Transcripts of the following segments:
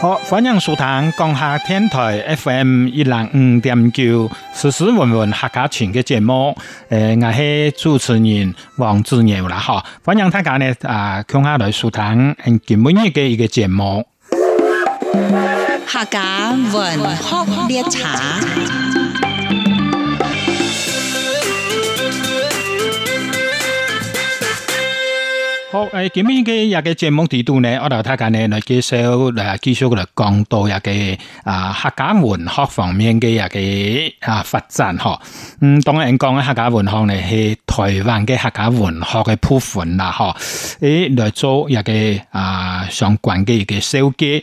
好，歡迎收聽，江夏電台 FM105.9，時時問問客家情嘅節目，呃、好，誒，今日嘅日嘅節目提到呢，我哋睇下呢，嚟介紹，誒、這個，介紹佢哋講到一個啊客家文學方面嘅一、這個啊發展嗬、哦。嗯，當然講嘅客家文學呢，係台灣嘅客家文學嘅部分啦，嗬、啊。誒、這個，嚟做一個啊相關嘅一個手機。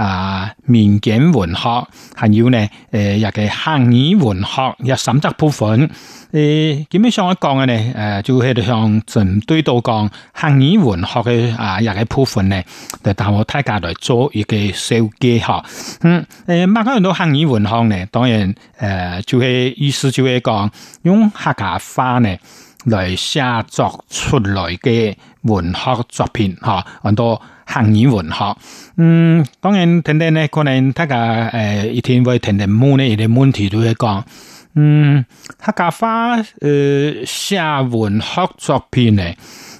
啊，民間文學，還有呢，誒、呃，尤其客語文學有什部分？誒、呃，基本上我講嘅呢，誒、呃，就係向從堆到講客語文學嘅啊，有個部分呢，就帶我大家嚟做一個小技巧。嗯，誒、呃，每個人都客語文學呢，當然誒，就、呃、係意思就係講用客家話呢。嚟寫作出來嘅文學作品吓，很多漢語文學。嗯，當然，肯定呢，可能大家誒一天會婷婷問呢，有啲問題都會講。嗯，客家話誒，寫文學作品呢，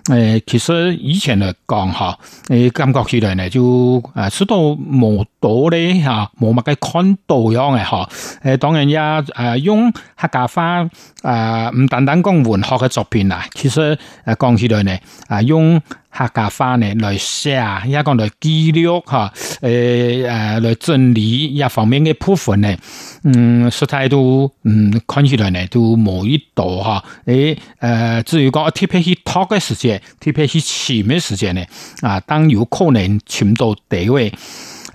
誒，其實以前嚟講吓，誒感覺起來呢，就誒，實在冇。到咧哈冇乜嘅看到樣嘅哈，誒，當然也啊用客家話啊唔單單講文學嘅作品啦。其實誒講起來呢啊用客家話呢來寫，也講來記錄哈，誒誒來整理一方面嘅部分呢，嗯，實在都嗯看起來呢都冇一朵哈，誒誒，至於講特別係 t a l 嘅時間，特別係書面時間呢啊，當有可能存在地位。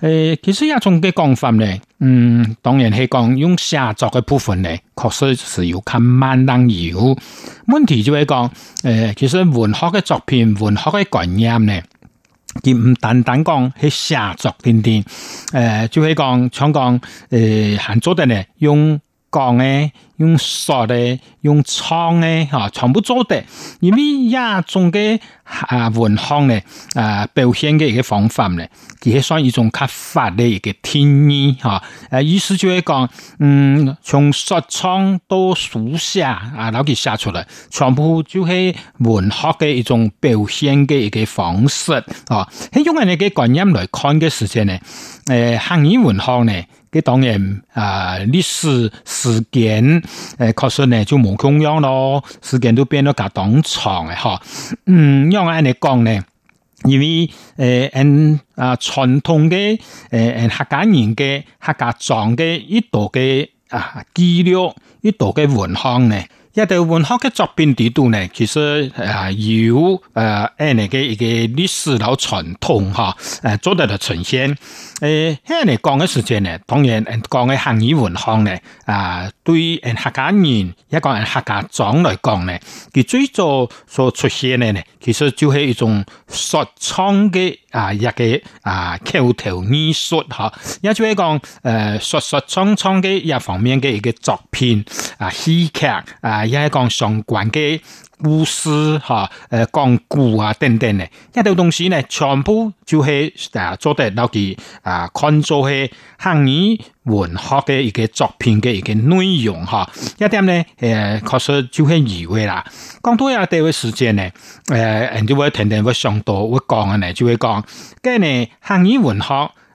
誒、呃，其實一種嘅講法咧，嗯，當然係講用寫作嘅部分咧，確實是要靠萬能有，慢有問題就係講，誒、呃，其實文學嘅作品，文學嘅概念咧，佢唔單單講係寫作點點，誒、呃，就係、是、講，想講，誒、呃，寫作嘅咧用。講咧，用說咧，用唱咧，吓，全部做的，因為一種嘅啊文學咧，啊表現嘅一個方法咧，其實算一種開發嘅一個天意吓，誒，意思就係講，嗯，從說唱到書寫，啊，然後佢寫出來，全部就係文學嘅一種表現嘅一個方式啊，喺用概念來看嘅事情誒，客、呃、語文學當然，啊，歷史時間誒，確、呃、實呢就冇共樣咯，時間都變咗更當長誒哈，嗯，讓我嚟講呢，因為誒，嗯、呃、啊、呃，傳統嘅誒誒客家人嘅客家莊嘅一道嘅啊記錄，一道嘅文化呢。客語文學嘅作品度頭呢，其實啊由誒誒呢個一個歷史老傳統哈，誒、呃、做得了呈現。誒喺嚟講嘅時間呢，當然講嘅漢語文學呢，啊對誒客家人一個誒客家長來講呢，佢最早所出現嘅呢，其實就係一種說唱嘅啊一個啊口頭藝術哈，也就會講誒說說唱唱嘅一個方面嘅一個作品啊戲劇啊。一講上環嘅巫師嚇，誒江湖啊等等嘅，一啲東西咧，全部就係啊，做得老奇啊，看做係客語文學嘅一個作品嘅一個內容嚇。一點咧誒確實就係以為啦。講多一啲嘅時間咧，誒、啊，我就會停停，會上到會講嘅咧，就會講，咁咧客語文學。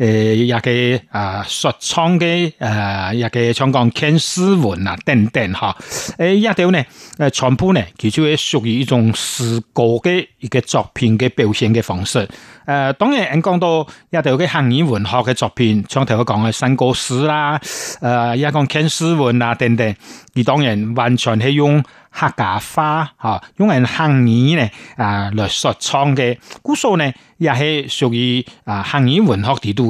誒、啊啊，也給啊，說唱給誒，也給像講勸世文啊，等等哈，誒，一條呢，誒，全部呢，其實係屬於一種詩歌嘅一個作品嘅表現嘅方式。誒、啊，當然講到一條嘅客語文學嘅作品，像頭講嘅山歌詩啦、啊，誒，一講勸世文啊，等等，佢當然完全係用客家話嚇，用嘅客語啊來說唱嘅，故數呢，也係屬於啊客語文學地。地度。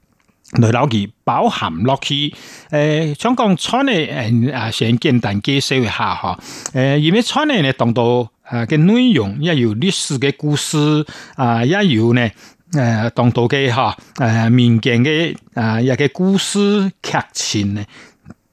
落去飽含落去，誒，想講穿嘅誒啊，先簡單介紹一下嗬，誒，因為穿嘅咧，當多啊嘅內容也，也有歷史嘅故事啊，也有呢，誒，當多嘅吓誒，民間嘅啊一個故事劇情咧。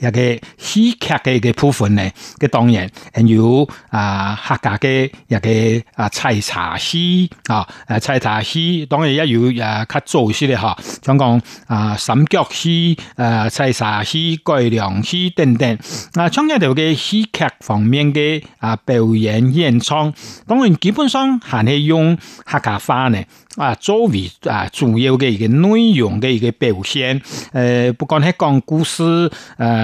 一個戲劇嘅嘅部分呢，佢當然，還有啊客家嘅一個啊採茶戲啊，啊採茶戲、哦、當然也有啊，佢做啲的哈，像講啊三角戲、啊採茶戲、改良戲等等。啊，唱一條戲劇方面嘅啊表演演唱，當然基本上還是用客家話呢啊作為啊主要的一個內容的一個表現。呃，不光係講故事，誒、呃。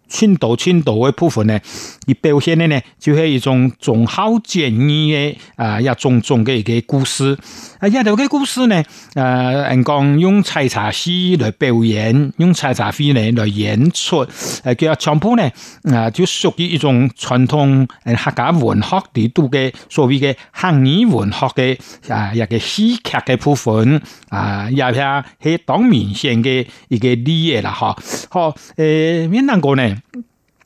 青島，青島的部分呢，而表現的呢，就係、是、一種忠孝節義嘅啊一種種的一個故事。啊，一條嘅故事呢，啊、呃，我、嗯、講用採茶戲來表演，用採茶戲呢來演出，誒、呃，叫唱鋪呢，啊、呃，就屬於一種傳統誒客家文學裏度嘅所謂嘅漢語文學的啊一個戲劇的部分啊，也係係當明顯嘅一個職業啦，哈，好誒，閩南歌呢？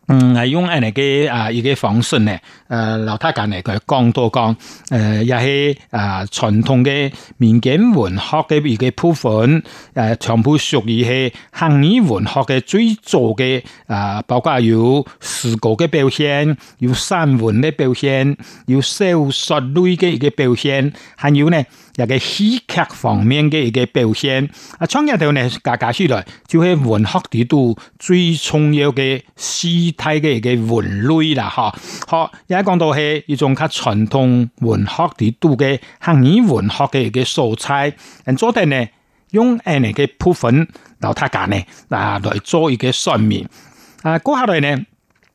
嗯，係用誒呢個啊，呢個方式咧，誒、呃，老太家咧佢講多講，誒、呃，亦係啊傳統嘅民間文學嘅一個部分，誒、呃，全部屬於係漢語文學嘅最早嘅啊，包括有詩歌嘅表現，有散文嘅表現，有小說類嘅一個表現，還有咧。一個戲劇方面的一個表現，啊，創業者呢，架架出來就是文學度最重要的詩體的一個文類啦，吓，好，而家講到是一種較傳統文學度的客語文學的一個素材，咁昨天呢用那個部分到他家呢啊嚟做一個說明，啊，過下來呢。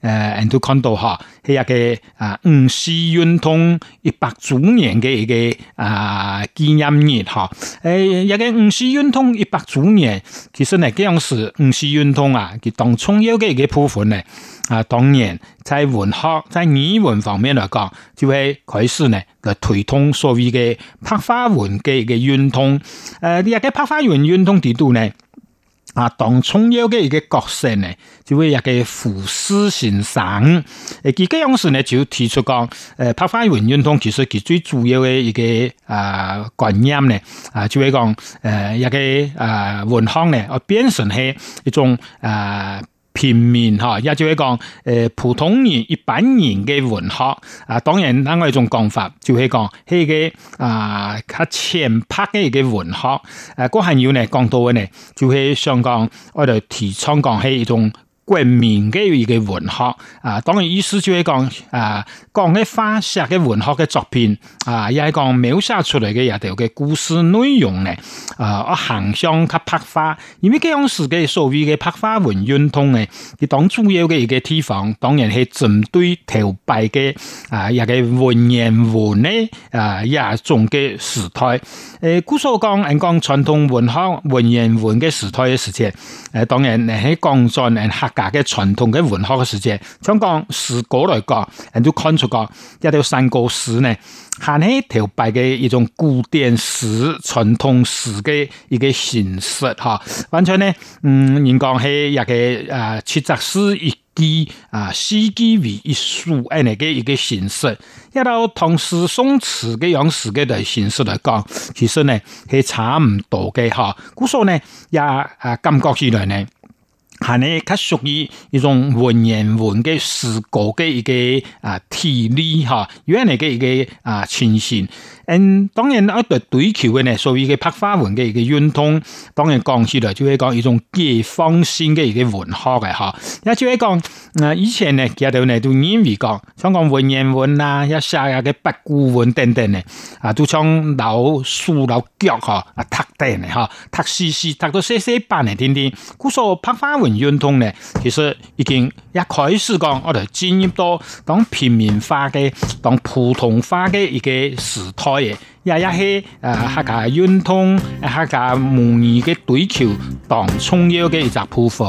誒、呃，人、嗯、都看到嚇，係一個啊，五四運動一百周年嘅個啊、呃，紀念日嚇。誒，一個五四運動一百周年，其實呢，咁樣是五四運動啊？其中重要嘅一個部分咧。啊，當然，在文學，在語文方面來講，就會開始呢，嚟推動所謂嘅白話文嘅個運動。誒、呃，你睇下嘅白話文運動幾多呢？啊，當重要嘅一個角色呢，就會一個胡適先生，誒、這個，佢嘅樣時呢就提出講，誒、呃，白話文運動，其實佢最主要嘅一個啊觀、呃、念呢，啊，就會講，誒，一個啊、呃，文康呢，而、呃、變成係一種啊。呃平民也就喺講普通人、一般人的文學啊，當然嗱我哋仲講法，就喺講佢嘅啊佢前拍嘅嘅文學誒，嗰係呢講到的呢，的就喺香港我哋提倡講係一種。國面嘅一個文學，啊，當然意思就係講，啊，講花石嘅文學嘅作品，啊，也係講描寫出嚟嘅嘅故事內容啊，我、啊、行商及拍花，因為咁樣嘅所謂嘅拍花文運動咧，佢、啊、當主要嘅一個地方，當然係針對頭擺嘅，啊，一個文言文咧，啊，也嘅、啊、時代，誒、呃，故所講講傳統文化文言文嘅時代嘅事情，誒、啊，當然你喺、嗯嘅傳統嘅文學嘅事件，從講詩歌來講，人就看出講一到三個詩呢，行喺頭擺嘅一種古典詩傳統詩嘅一個形式嚇，完全呢，嗯，人講係一個啊、呃、七十四一啲啊詩句為一書，誒呢個一個形式，一到唐詩宋詞嘅樣式嘅形式來講，其實呢係差唔多嘅嚇，故數呢也啊感覺起來呢。吓，你屬於一種文言文嘅詩歌嘅一個啊體例哈，原來嘅一個啊情形。嗯，當然一對對橋嘅呢，屬於嘅白話文嘅一個運動。當然講起來就會講一種解放性嘅一個文學嘅哈。也就會講，以前呢，佢又都嚟做講，想講文言文啊，又寫下一個八股文等等嘅，啊，像死死都從老手、腦腳啊，讀定嘅讀詩讀到寫寫板嚟聽聽。古時候白話文運動呢，其實已經一開始講我哋進入到當平民化嘅，當普通化嘅一個時代嘅，也係誒客家運動、客家母語嘅追求當重要嘅一部分。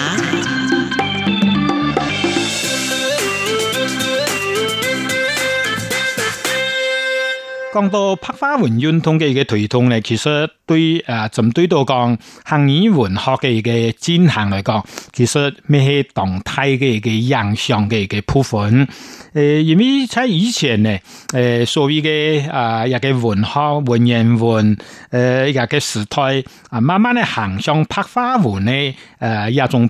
講到白話文運動嘅，佢嘅推動呢，其實對啊，從、呃、針對到講客語文學嘅嘅進行嚟講，其實咩係動態嘅嘅影響嘅嘅部分。誒、呃，因為喺以前呢，誒、呃，所謂嘅啊、呃，一個文學文言文，誒、呃，一個嘅時代啊，慢慢咧行上白話文呢，誒、呃，一種。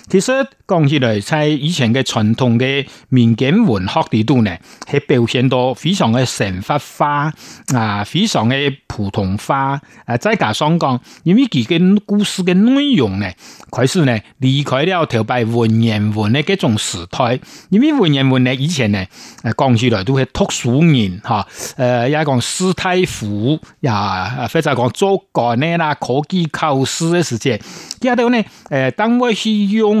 其實講起來，在以前嘅傳統嘅民間文學裏度呢，係表現到非常嘅神法化啊，非常嘅普通化。誒、啊，再加上講，因為佢嘅故事嘅內容呢，開始呢離開了條拜文言文嘅嗰種時代，因為文言文呢以前呢，誒講起來都係讀書人吓，誒、啊，又、呃、講士大夫，又或者講做官呢啦，科舉考試嘅事情，之後呢，誒、呃，當我去用。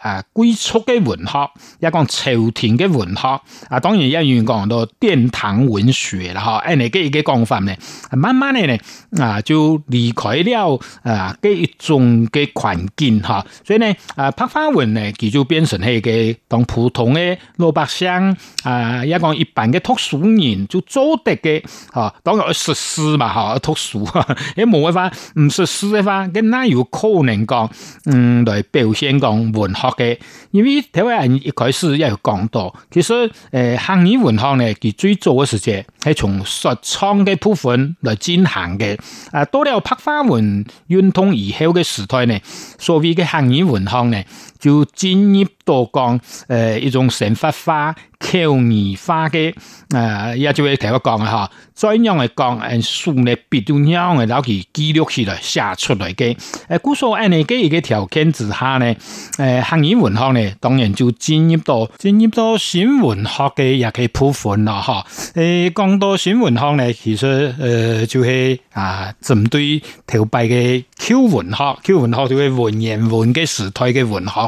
啊，貴族嘅文學，一講朝廷嘅文、啊、文學，啊，當然要用講到殿堂文學啦，嗬。誒，你嘅嘅講法呢？慢慢嘅呢，啊，就離開了啊，嘅一種嘅環境，哈、啊。所以呢，啊，拍花文呢，佢就變成係嘅當普通嘅老百姓，啊，一講一般嘅讀書人，就做得嘅，嗬、啊。當然識字嘛，嗬、啊，要讀書。你冇辦法唔、嗯、識字嘅話，咁，哪有可能講，嗯，嚟表現講文學？嘅、okay，因為台灣人一開始也有講到，其實誒漢語文學咧，佢最早嘅時間係從實創嘅部分嚟進行嘅，啊到了白話文運動以後嘅時代咧，所謂嘅漢語文學咧。就進一步講，誒、呃，一種成法化、口語化嘅，誒、呃，也就會提法講啊吓。再用嚟講，誒，書咧，別中央嘅，然後記錄起嚟寫出來嘅。誒，古時候喺呢嘅一個條件之下咧，誒、呃，漢文學咧，當然就專業度、專業到新文學嘅、啊，亦可以鋪款啦吓。誒，講到新文學咧，其實，誒、呃，就係啊，針對頭擺嘅舊文學、舊文學，就係文言文嘅時代嘅文學。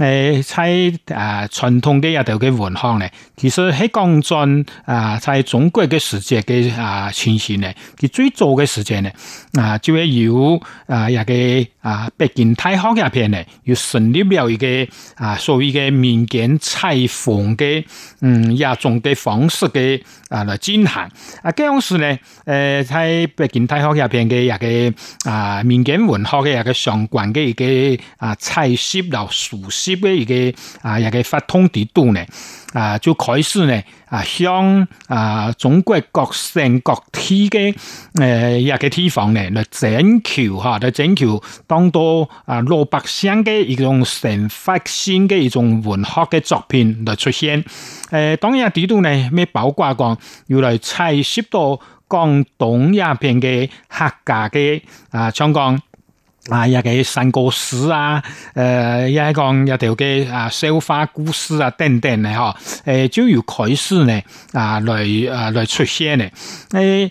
誒、呃，喺啊、呃、傳統嘅一度嘅文學咧，其實喺剛進啊，喺中國嘅世界嘅啊情形咧，佢最早嘅時間咧，啊就會由啊一個啊北京大學入邊咧，又成立了一個啊、呃、所謂嘅民間採訪嘅嗯一種嘅方式嘅啊嚟進行。啊，咁樣時咧，誒、呃、喺北京大學入邊嘅一個啊民間文學嘅、呃、一個相關嘅一個啊採集到熟悉。呃嘅一個啊，一個發通地圖呢？啊，就開始呢啊，向啊中國各省各地的誒一個地方呢，來徵求哈，來徵求當地啊老百姓的一種新發現的一種文學的作品來出現。誒、呃，當然地圖呢咩包括講，要來採集到廣東入邊的、客家的啊長江。啊！又係新歌詩啊，誒，一係講一條嘅啊，抒發故事啊，等等嘅嗬，誒、啊，就要開始呢，啊，來啊，來出現嘅，誒、哎。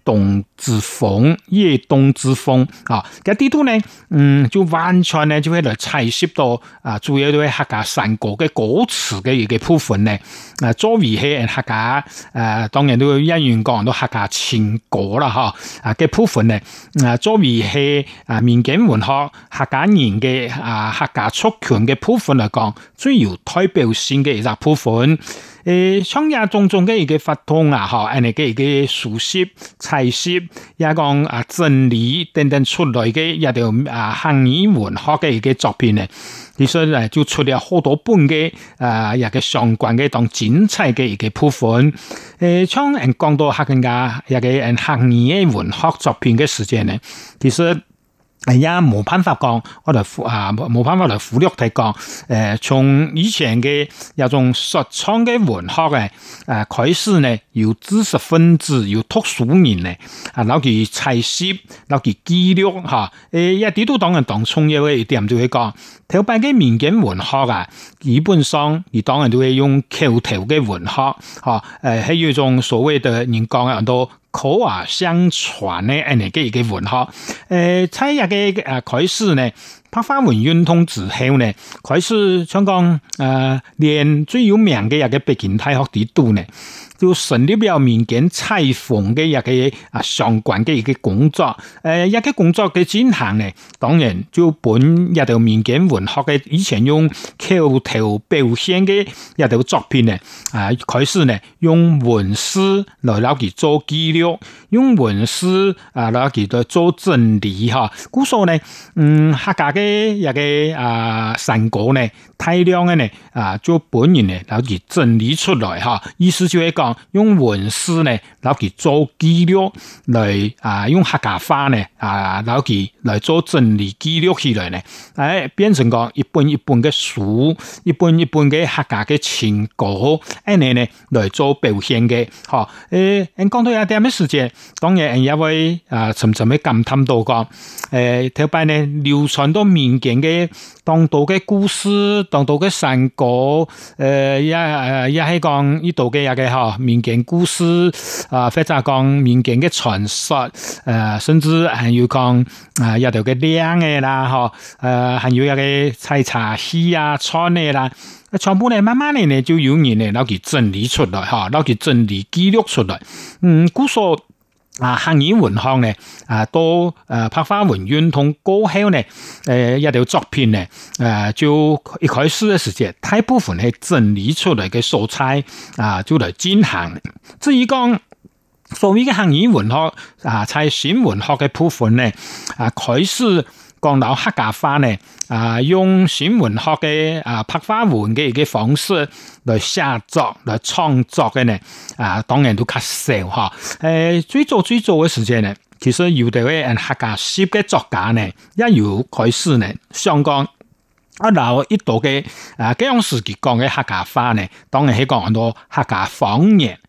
冬之風，夜冬之風，啊、哦！嘅地圖呢，嗯，就完全呢就會嚟拆拾到，啊，主要都客家山歌嘅歌詞嘅一個部分呢。啊，作為係客家，誒、啊，當然都因緣講到客家全國啦，吓，啊嘅部分呢，啊，作為係啊民間文學客家人嘅啊客家族群嘅部分嚟講，最有代表性嘅一,一個部分。誒，從也種種嘅一個佛通啊，吓，以及一個常識、常式、也講啊真理等等出來嘅，也條啊客語文學嘅一個作品咧，其實咧就出了好多本嘅啊一個相關嘅種精彩嘅一個部分。誒，從講到客家一個客語文學作品嘅時間咧，其實。哎呀，冇辦法講，我哋啊，冇辦法來忽略。去、呃、講。誒，從以前嘅有、啊、種說唱嘅文學誒，誒、啊、開始呢，有知識分子，有讀書人咧，啊，攞佢採集，攞佢記錄，哈、啊，誒、啊，一啲都當然當從一位點就會講，頭擺嘅民間文學啊。基本上，你當然都會用口頭嘅文學，呃誒係一種所謂的人講啊，都多口耳相傳嘅咁嘅嘅文學。誒、呃，差日嘅誒開始咧，拍、呃、翻《文運通之後咧，開始想講誒連最有名嘅一個北京大學之都咧。就成立咗比較民間采風的一個啊相關的一個工作，誒、呃，一個工作嘅進行咧，當然就本一道民間文學嘅以前用口頭表現嘅一個作品咧，啊，開始咧用文字來攞佢做記錄，用文字啊攞佢嚟做整理哈，故說咧，嗯，客家嘅一個啊成果咧。太靚嘅呢，啊做本人呢，然後佢整理出來哈，意思就會講用文字呢，然後佢做記錄來啊用客家話呢，啊然後佢來做整理記錄起來呢，誒、啊、變成講一本一本嘅書，一本一本嘅客家嘅情歌，誒你呢來做表現嘅，吓誒講到一點咩時間，當然亦會啊，沉沉嘅感嘆到講，誒特別呢流傳到民間嘅，當度嘅故事。當到嘅成果，呃，也也一講呢度嘅一個嗬，民間故事啊，或者講民間的傳說，誒，甚至還有講啊，也一條嘅戀愛啦，嗬，呃，還有一個採茶戲啊，穿嘅啦，全部呢，慢慢的呢，就有人咧，攞佢整理出來，嗬，攞佢整理記錄出來，嗯，古說。啊，客語文學呢，啊，多呃拍翻文苑同歌香呢。誒、啊、一條作品呢，誒、啊，就一開始嘅時節，大部分係整理出嚟嘅素材，啊，嚟進行。至於講所謂嘅客語文學，啊，喺新文學嘅部分呢，啊，開始。講到客家話、呃啊、呢，啊用新文學嘅啊白話文嘅嘅方式來寫作來創作嘅呢，啊當然都較少吓。誒、呃，最早最早嘅時間呢，其實有啲位人客家詩嘅作家呢，一有開始呢，香港然後一度嘅啊，咁樣自己講嘅客家話呢，當然係講到客家方言。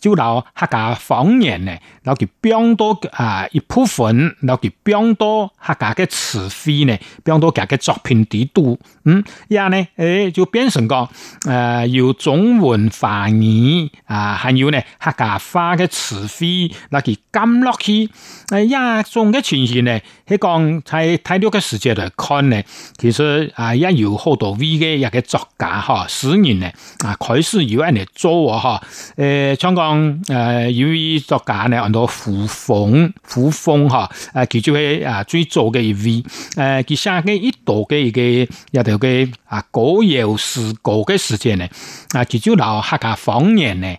就留客家方言呢，留佢比較多啊，一部分留佢比較多客家的詞彙呢，比較多客家作品底度嗯，呀呢，誒、欸、就變成個誒、呃、有中文方言啊，還有呢客家話的詞彙，留佢咁落去，誒、哎、呀，種嘅情形呢。你講在太多嘅時間來看咧，其實啊，也有好多 V 嘅一個作家哈，詩人咧啊，開始有人來做喎哈。誒，像講誒，有啲作家咧，按照古風古風哈，啊，最主要啊，最早嘅 V，誒，佢寫嘅一度嘅一個一條嘅啊，歌謠詩歌嘅時間咧，啊，最主要客家方言咧。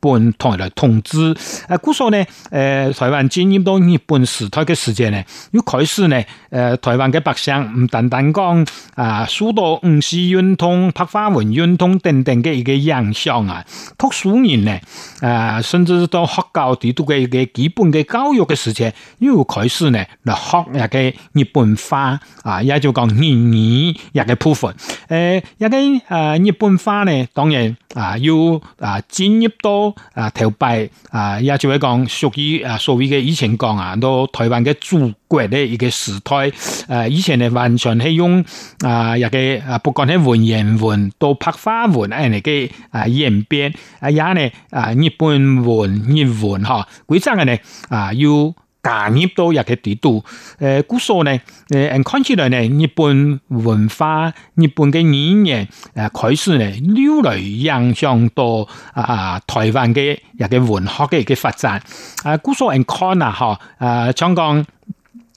本台來通知，誒、呃，故說呢，誒、呃，台灣進入到日本時代嘅時間呢，要開始呢，誒、呃，台灣嘅百姓唔單單講、呃嗯、啊，書到五四運動、白話文運動等等嘅一個影響啊，讀書人呢，啊、呃，甚至學到學校度嘅一個基本嘅教育嘅時間，開始呢，學一個日本化，啊，也就講一個部分，誒、呃，一、這、誒、個呃、日本化呢，當然啊，要啊進入到。呃啊，頭擺啊，也、啊啊啊啊、就會講屬於啊，所謂嘅以前講啊，到台灣嘅祖國咧一個時代，啊，以前嘅完全係用啊，一、啊、個啊，不管係文言文，到白話文啊，嚟個啊演變啊，而家咧啊日本文，日文，嗬，佢真係咧啊要。加入到日嘅地度，誒、呃，故所咧，誒、嗯，看起來咧，日本文化、日本嘅語言，開始、呃、影響到啊、呃、台灣嘅文學嘅嘅發展，呃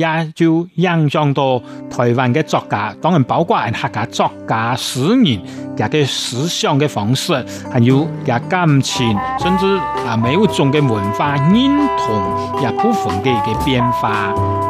也就影響到台灣嘅作家，當然包括客家作家、詩人嘅嘅思想嘅方式，還有嘅感情，甚至啊，每一種嘅文化認同嘅部分嘅嘅變化。